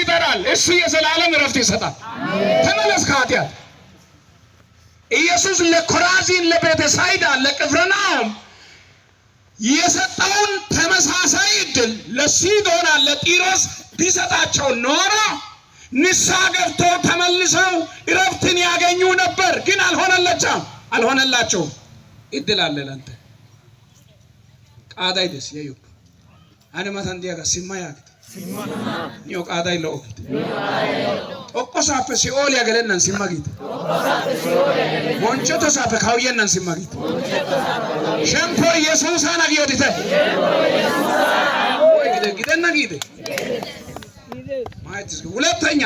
ይጠራል፣ እሱ የዘላለም እረፍት ይሰጣል። ተመለስ ከኃጢአት። ኢየሱስ ለኮራዚን ለቤተ ሳይዳ ለቅፍርናሆም የሰጠውን ተመሳሳይ እድል ለሲዶና ለጢሮስ ቢሰጣቸው ኖሮ ንስሐ ገብቶ ተመልሰው እረፍትን ያገኙ ነበር። ግን አልሆነለቻም፣ አልሆነላቸውም። እድል አለ ለአንተ ደስ የዩ አነማት አንዲያጋ ሲማያግት Yooqaadhay lo'oofte. Dhoqqosaappe si'ooliyaa gelennan simma giite. Bonchchotosaappe kawuyennan simma giite. Shemppo Yesuusan hagiyoodite. ወይ gide gidenna giide ማየት ሁለተኛ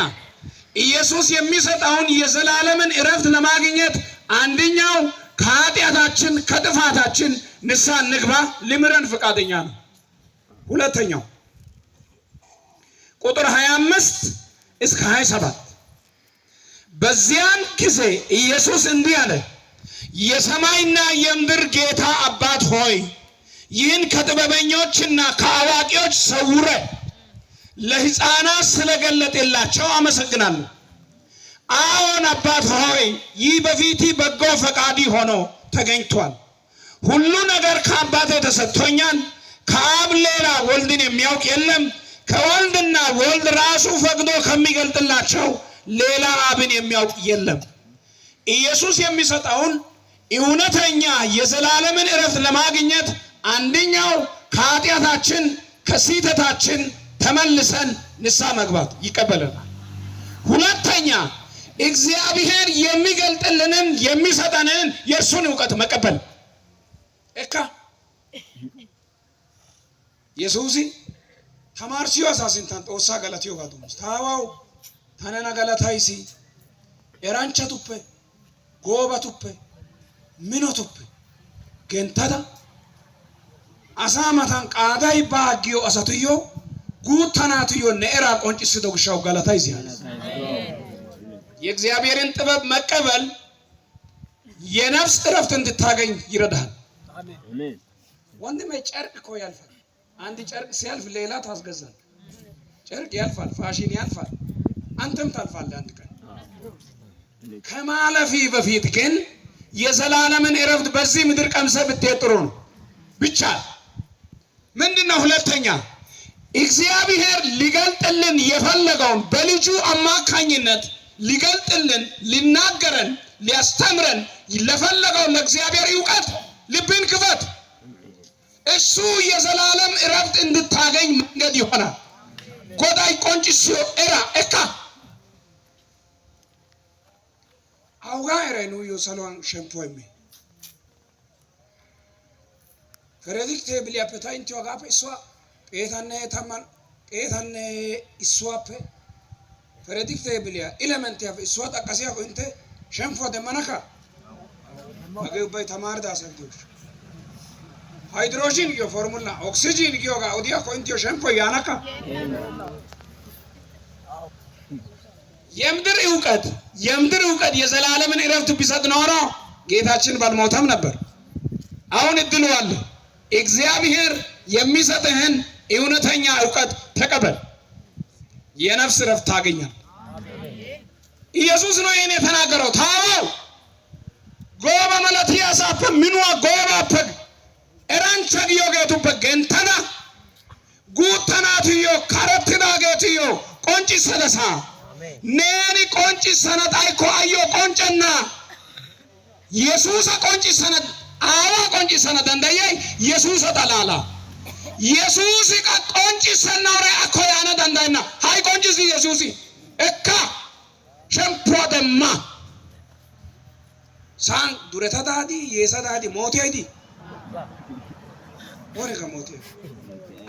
ኢየሱስ የሚሰጠውን የዘላለምን እረፍት ለማግኘት አንደኛው ከኃጢአታችን ከጥፋታችን ንስሐ እንግባ ሊምረን ፈቃደኛ ነው። ሁለተኛው ቁጥር 25 እስከ 27 በዚያን ጊዜ ኢየሱስ እንዲህ አለ፣ የሰማይና የምድር ጌታ አባት ሆይ ይህን ከጥበበኞችና ከአዋቂዎች ሰውረ ለሕፃናት ስለገለጠላቸው አመሰግናለሁ። አዎን አባት ሆይ ይህ በፊት በጎ ፈቃድ ሆኖ ተገኝቷል። ሁሉ ነገር ከአባቴ ተሰጥቶኛል። ከአብ ሌላ ወልድን የሚያውቅ የለም ከወልድና ወልድ ራሱ ፈቅዶ ከሚገልጥላቸው ሌላ አብን የሚያውቅ የለም። ኢየሱስ የሚሰጠውን እውነተኛ የዘላለምን እረፍት ለማግኘት አንደኛው ከኃጢአታችን ከስህተታችን ተመልሰን ንሳ መግባት ይቀበለናል። ሁለተኛ እግዚአብሔር የሚገልጥልንን የሚሰጠንን የእሱን እውቀት መቀበል እካ የሱሲ Tamaarissiyoo asaa sinttan Xoossaa galatiyoogaa doomos. Ta aawaw ta nena galataysi eranchchatuppe, goobatuppe, minotuppe genttada asaa matan qaaday baa giyo asatuyyo guutta naatuyyo ne eraa qonccisido gishshawu galatayis yaagis. የእግዚአብሔርን ጥበብ መቀበል የነፍስ እረፍት እንድታገኝ ይረዳሃል። ወንድሜ ጨርቅ እኮ ያልፋል። አንድ ጨርቅ ሲያልፍ ሌላ ታስገዛል። ጨርቅ ያልፋል፣ ፋሽን ያልፋል፣ አንተም ታልፋለህ አንድ ቀን። ከማለፊ በፊት ግን የዘላለምን እረፍት በዚህ ምድር ቀምሰ ብትሄድ ጥሩ ነው። ብቻ ምንድነው? ሁለተኛ እግዚአብሔር ሊገልጥልን የፈለገውን በልጁ አማካኝነት ሊገልጥልን ሊናገረን ሊያስተምረን ለፈለገው ለእግዚአብሔር እውቀት ልብን ክፈት። እሱ የዘላለም እረፍት እንድታገኝ መንገድ ይሆናል። ጎዳይ ቆንጭስዮ ኤራ ኤካ አውጋ ኤረኑ የሰሏን ሸምፖ የሚ ከረዚክ ቴብል ያፈታኝ ቲዋጋፈ እሷ ጴታነ ታማን ጴታነ እሷፈ ከረዚክ ቴብል ያ ኢለመንት ያፈ እሷ ጠቀስ ያፈ እንተ ሸምፎ ደመናካ መገባይ ተማርዳ ሰብቶች ಹೈಡ್ರೋಜನ್ಗೆ formula ಆಕ್ಸಿಜನ್ಗೆ ಯೋಗ ಉದಯ ಕೊಂತ್ಯೋ ಶಂಕೋ ಯಾನಕ የምድር እውቀት የምድር እውቀት የዘላለምን እረፍት ቢሰጥ ኖሮ ጌታችን ባልሞተም ነበር። አሁን እድሉ አለ። እግዚአብሔር የሚሰጥህን እውነተኛ እውቀት ተቀበል፣ የነፍስ እረፍት ታገኛል። ኢየሱስ ነው ይህን የተናገረው። ታዋው ጎበ መለትያ ሳፈ ምንዋ ጎበ erancha giyoogeetuppe genttana guutta naatuyyo karettidaageetuyyo qonccissadasa neeni qonccissana xaykko ayyo qonccenna yesuusa qonccissana aawaa qonccissana danddayiyay yesuusa xalaala yesuusi qa qonccissenna wore akko yaana danddayenna hay qonccisi yesuusi ekka shemppuwa demma saan dureta daadi yeesa daadi mootiyaydii ወረቀ ሞቴ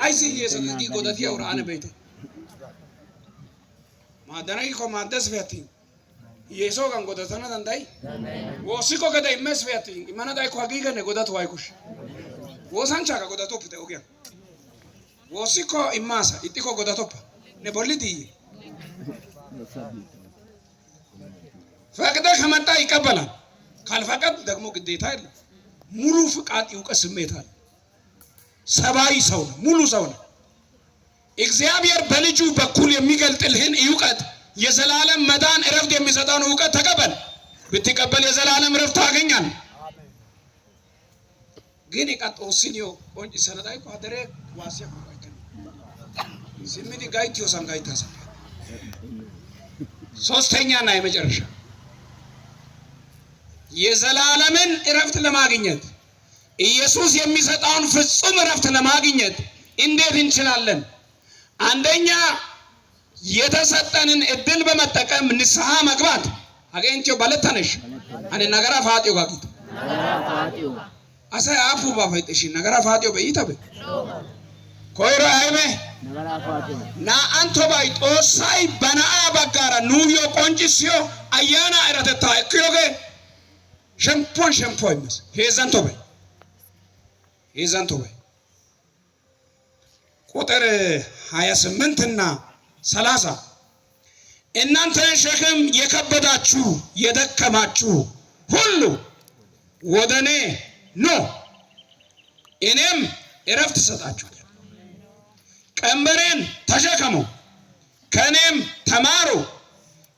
አይስዬ ሰቀቂ ጎደቲ አውራአነ ቤተ ማደናቂ ኮ ማደስ ፊያቲ የሶ ቀን ጎደተነ ደንዳይ ወሲኮ ገደ ይመስ ፊያቲ ኢመነ ዳይኮ ሀጊገነ ጎደቱ ዋይኩሽ ወሳንቻ ጋ ጎደቶፕተ ኦጊያ ወሲኮ ኢማሳ ኢጢኮ ጎደቶፓ ነቦሊ ድዬ ፈቅደ ከመጣ ይቀበላል። ካልፈቀድ ደግሞ ግዴታ የለም። ሙሉ ፍቃድ ይውቀ ስሜት አለ ሰብአዊ ሰው ነው፣ ሙሉ ሰው ነው። እግዚአብሔር በልጁ በኩል የሚገልጥልህን እውቀት የዘላለም መዳን እረፍት የሚሰጠውን እውቀት ተቀበል። ብትቀበል የዘላለም እረፍት አገኛል ግን ቀጦ ሲኒዮ ቆንጭ ሰነዳይ ቋደሬ ዋሴ ስሚኒ ጋይቲዮ ሳንጋይታሰ ሶስተኛና የመጨረሻ የዘላለምን እረፍት ለማግኘት ኢየሱስ የሚሰጠውን ፍጹም እረፍት ለማግኘት እንዴት እንችላለን? አንደኛ የተሰጠንን እድል በመጠቀም ንስሐ መግባት አገኝቸው ባለተነሽ አኔ ነገራ ፋጢዮ ጋቂት አሰ አፉ ባፈጥሽ ነገራ ፋጢዮ በይተበ ኮይሮ አይሜ አንቶ ባይ ጦሳይ በናአ በጋራ ኑዮ ቆንጭስዮ አያና እረተታ እክዮጌ ሸምፖን ሸምፖ ይመስ ሄዘንቶ በይ ይዘንቱ ወይ ቁጥር 28 እና 30 እናንተ ሸክም የከበዳችሁ የደከማችሁ ሁሉ ወደ እኔ ኑ እኔም እረፍት እሰጣችኋለሁ። ቀንበሬን ተሸከሙ ከእኔም ተማሩ፣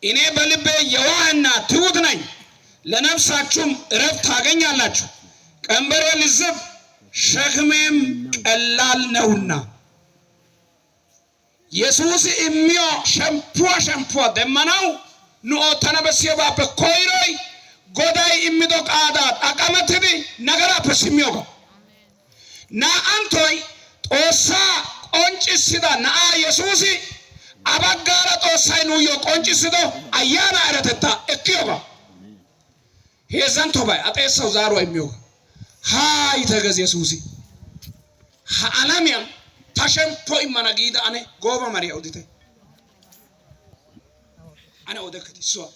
እኔ በልቤ የዋህና ትሑት ነኝ፣ ለነፍሳችሁም እረፍት ታገኛላችሁ። ቀንበሬ ልዝብ ሸክሜም ቀላል ነውና የሱስ እሚዮ ሸምፑዋ ሸምፑዋ ደመናው ንኦ ተነበስዮባበ ኮይሮይ ጎዳይ እሚዶ ቃዳ ጠቀመትድ ነገራበ ስሚዮጋ ናአንቶይ ጦሳ ቆንጭስዳ ነአ የሱስ አባጋራ ጦሳይ ኑዮ ቆንጭስዶ አያና እረተታ እክዮጋ ሄዘንቶ ባይ አጤሰው ዛሮ የሚዮጋ haa yitagazesuusi ha alamiyan ta shemppo immana giida ane gooba mariya odite ane odekkite issuwa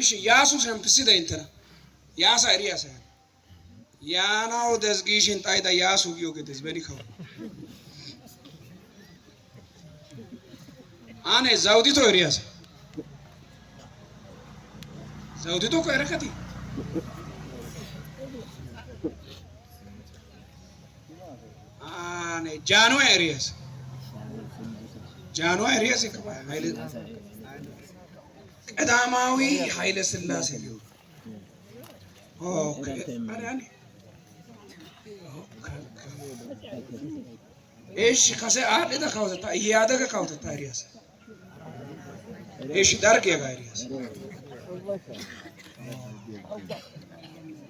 ishi yaasu shempisida intena yaasa eriya asayan yaanawu des giishin xayida yaasu giyoge des beni kawo ane zawudito eriya asa zawuditokka erekkati جانوي ارياس ጃንዋ ኤሪያስ ይቀርባል። ኃይለ ቀዳማዊ ኃይለ ሥላሴ ሊሆን እሺ ከሰ አድደ ካውተታ እያደገ ካውተታ ኤሪያስ እሺ ዳርግ የጋ ኤሪያስ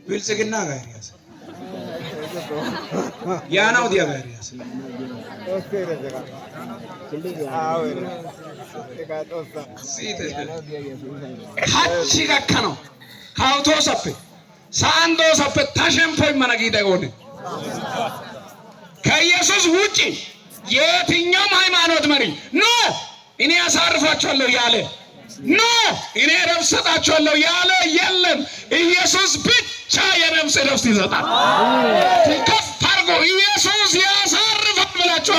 ብልጽግና ጋ ኤሪያስ ያናው ዲያበሪያስ ኦኬ ነው ካውቶ ሰፈ ሳንዶ ሰፈ ከኢየሱስ ውጪ ሃይማኖት መሪ ኖ እኔ አሳርፋቸዋለሁ ያለ ኖ እኔ ረፍት እሰጣችኋለሁ ያለ የለም። ኢየሱስ ብቻ የነፍስ ረፍት ይሰጣል። ከፍ አድርጎ ኢየሱስ ያሳርፋል ብላችሁ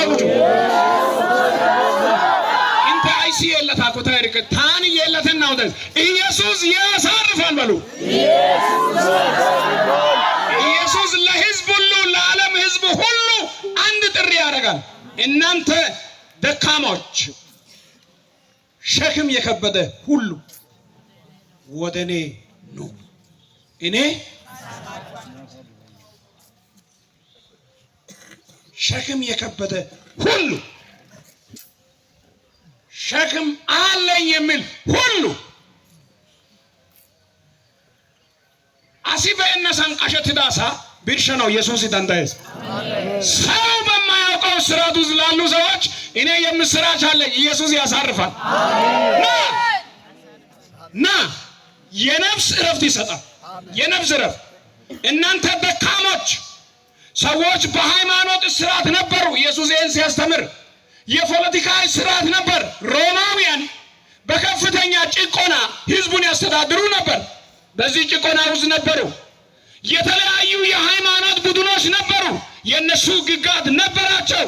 እንተ አይሲ የለት አኮታ ርቅ ታን የለትና ወደ ኢየሱስ ያሳርፋል በሉ። ኢየሱስ ለህዝብ ሁሉ ለዓለም ህዝብ ሁሉ አንድ ጥሪ ያደርጋል። እናንተ ደካሞች ሸክም የከበደ ሁሉ ወደ እኔ ኑ እኔ ሸክም የከበደ ሁሉ ሸክም አለኝ የሚል ሁሉ አሲበ እነሳን ቀሸት ዳሳ ቢርሸ ነው ኢየሱስ ይዳንዳይስ ሰው በማያውቀው ስርዓት ውስጥ ላሉ ሰዎች እኔ የምስራች አለ። ኢየሱስ ያሳርፋል። ና ና፣ የነፍስ እረፍት ይሰጣል። የነፍስ እረፍት እናንተ ደካሞች ሰዎች በሃይማኖት ስርዓት ነበሩ። ኢየሱስ ይህን ሲያስተምር የፖለቲካ ስርዓት ነበር። ሮማውያን በከፍተኛ ጭቆና ህዝቡን ያስተዳድሩ ነበር። በዚህ ጭቆና ውስጥ ነበሩ። የተለያዩ የሃይማኖት ቡድኖች ነበሩ። የእነሱ ግጋት ነበራቸው።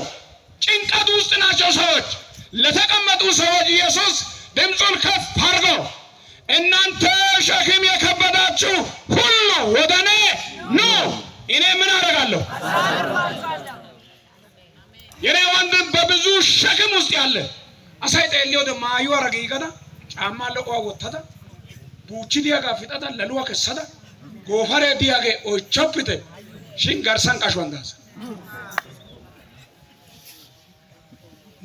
ጭንቀት ውስጥ ናቸው ሰዎች። ለተቀመጡ ሰዎች ኢየሱስ ድምፁን ከፍ አድርጎ እናንተ ሸክም የከበዳችሁ ሁሉ ወደ እኔ ኑ፣ እኔ ምን አደርጋለሁ? የኔ ወንድም በብዙ ሸክም ውስጥ ያለ አሳይ ጠልዮ ደማ አዩ አረገ ይቀዳ ጫማ ለቋ ወተተ ቡቺ ዲያጋ ፍጠታ ለልዋ ከሰዳ ጎፈሬ ዲያጌ ኦቾፕቴ ሽንጋርሳን ቃሽዋንዳሰ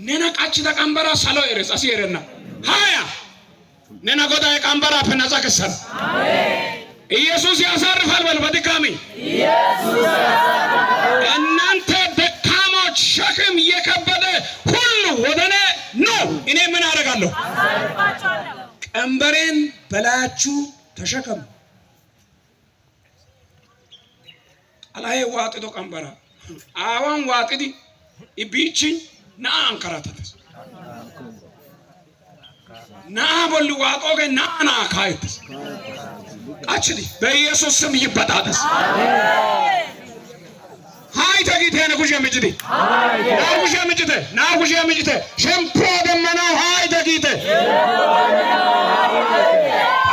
ನೆನಕಾಚಿದ ಕಂಬರ ಸಲೋ ಇರಸ್ ಅಸಿ ಇರನ್ನ ಹಾಯ ನೆನ ಗೊತ್ತಾಯ ಕಂಬರ ಫೆನಜ ಕಸರ ኢየሱስ ያሳርፋል በል በድጋሚ እናንተ ደካሞች ሸክም እየከበደ ሁሉ ወደ እኔ ኑ እኔ ምን አደርጋለሁ ቀንበሬን በላያችሁ ተሸከሙ ጣላዬ ዋጥዶ ቀንበራ አዋን ዋጥዲ ቢችኝ naa ankaratates. naa ቦል ዋቆ ገ ናና ካይትስ አችሊ በኢየሱስ ስም ይበጣጠስ። ሃይ ተጊቴ ንጉሽ የምጅቴ ናጉሽ የምጅቴ ናጉሽ የምጅቴ ሸምፕሮ ደመናው ሃይ ተጊቴ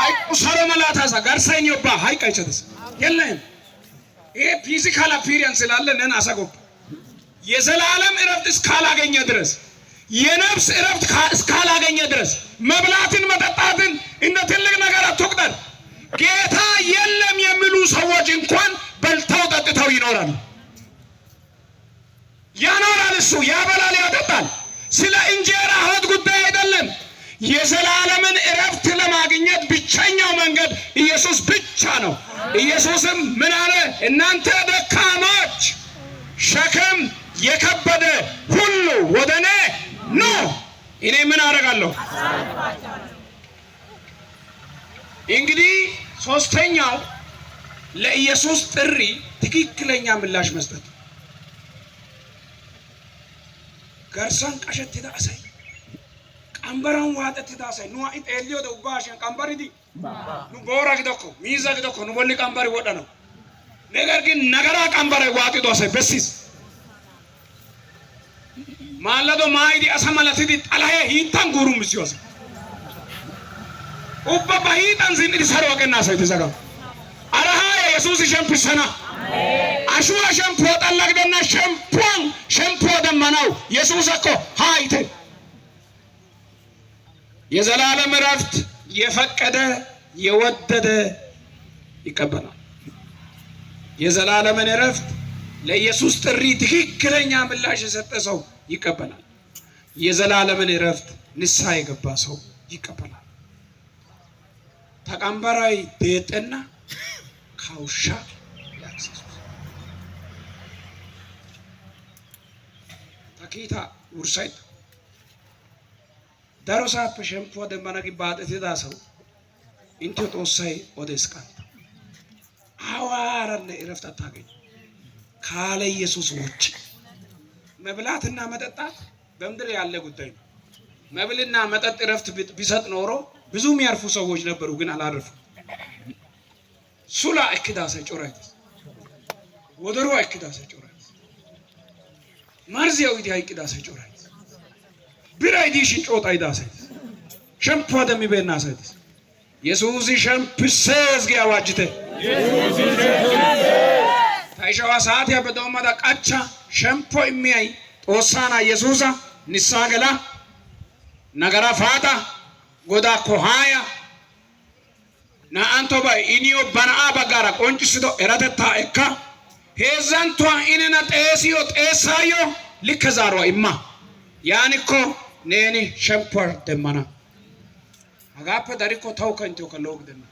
ሃይቁ ሰረመላታሳ ጋርሳይን ዮባ ሃይቅ አይቸተስ የለህም ይሄ ፊዚካል አፒሪያንስ ስላለ ነን አሰጎብ የዘላለም እረፍት እስካላገኘ ድረስ የነፍስ እረፍት እስካላገኘ ድረስ መብላትን መጠጣትን እንደ ትልቅ ነገር አትቁጠር። ጌታ የለም የሚሉ ሰዎች እንኳን በልተው ጠጥተው ይኖራሉ። ያኖራል፣ እሱ ያበላል፣ ያጠጣል። ስለ እንጀራ ሆድ ጉዳይ አይደለም። የዘላለምን እረፍት ለማግኘት ብቸኛው መንገድ ኢየሱስ ብቻ ነው። ኢየሱስም ምን አለ? እናንተ ደካሞች ሸክም የከበደ ሁሉ ወደ እኔ ኑ፣ እኔ ምን አደርጋለሁ? እንግዲህ ሶስተኛው ለኢየሱስ ጥሪ ትክክለኛ ምላሽ መስጠት ገርሳን ቀሸት ዳሰይ ቀንበረን ዋጠት ዳሰይ ኑ አይ ጤልዮ ደውባ አሽን ቀንበር ዲ ኑ ቦራ ግደኮ ሚዛ ግደኮ ኑ ቦሊ ቀንበር ይወዳ ነው ነገር ግን ነገራ ቀንበራ ዋጥ ዳሰይ በሲስ maallado maayidi asa malatidi xalahee hiittan guurummissiyo asa ubba ba hiixan zin"idi saruwa qenna asay tizagaw arahaaya yesuusi shemppisana ashuwa shemppuwa xalla gidenna shemppuwan shemppuwa demmanawu yesuusakko haayite የዘላለም እረፍት የፈቀደ የወደደ ይቀበላል። የዘላለምን እረፍት ለኢየሱስ ጥሪ ትክክለኛ ምላሽ የሰጠ ሰው ይቀበላል። የዘላለምን እረፍት ንስሐ የገባ ሰው ይቀበላል። ተቀንበራይ ቤጠና ካውሻ ያክሰሱ ተኪታ ውርሳይ ዳሮ ሳፈ ሸምፎ ደማናቂ ባጠቴታ ሰው እንትዮ ጦሳይ ኦዴስካን አዋራነ እረፍት አታገኝ ካለ ኢየሱስ ውጭ መብላትና መጠጣት በምድር ያለ ጉዳይ ነው። መብልና መጠጥ እረፍት ቢሰጥ ኖሮ ብዙ የሚያርፉ ሰዎች ነበሩ፣ ግን አላረፉ። ሱላ እክዳሰ ጮረት ወደሮ እክዳሰ ጮረት ማርዚያው ይዲያ እክዳሰ ጮረት ቢራይ ዲሽ ጮጣ ይዳሰት ሸምፖ ደም ይበናሰት የሱዚ ሸምፕሴ ዝጊ አዋጅተ የሱዚ ሸምፕሴ ታይሻዋ ሰዓት ያበደው ማዳ ቃቻ shemppo immiyayi Xoossaa Yesuusa nissaa gela nagara faaxa godaakko haaya naa"anttobay i niyo ba na'aa baggaara qonccisido eratettaa ekka heezzanttuwan i nena xeesiyo xeessaayyo likke zaaruwa imma yaanikko neeni shemppuwa demmana hagaappe darikko tawukka inttiyokka lo"o gidenna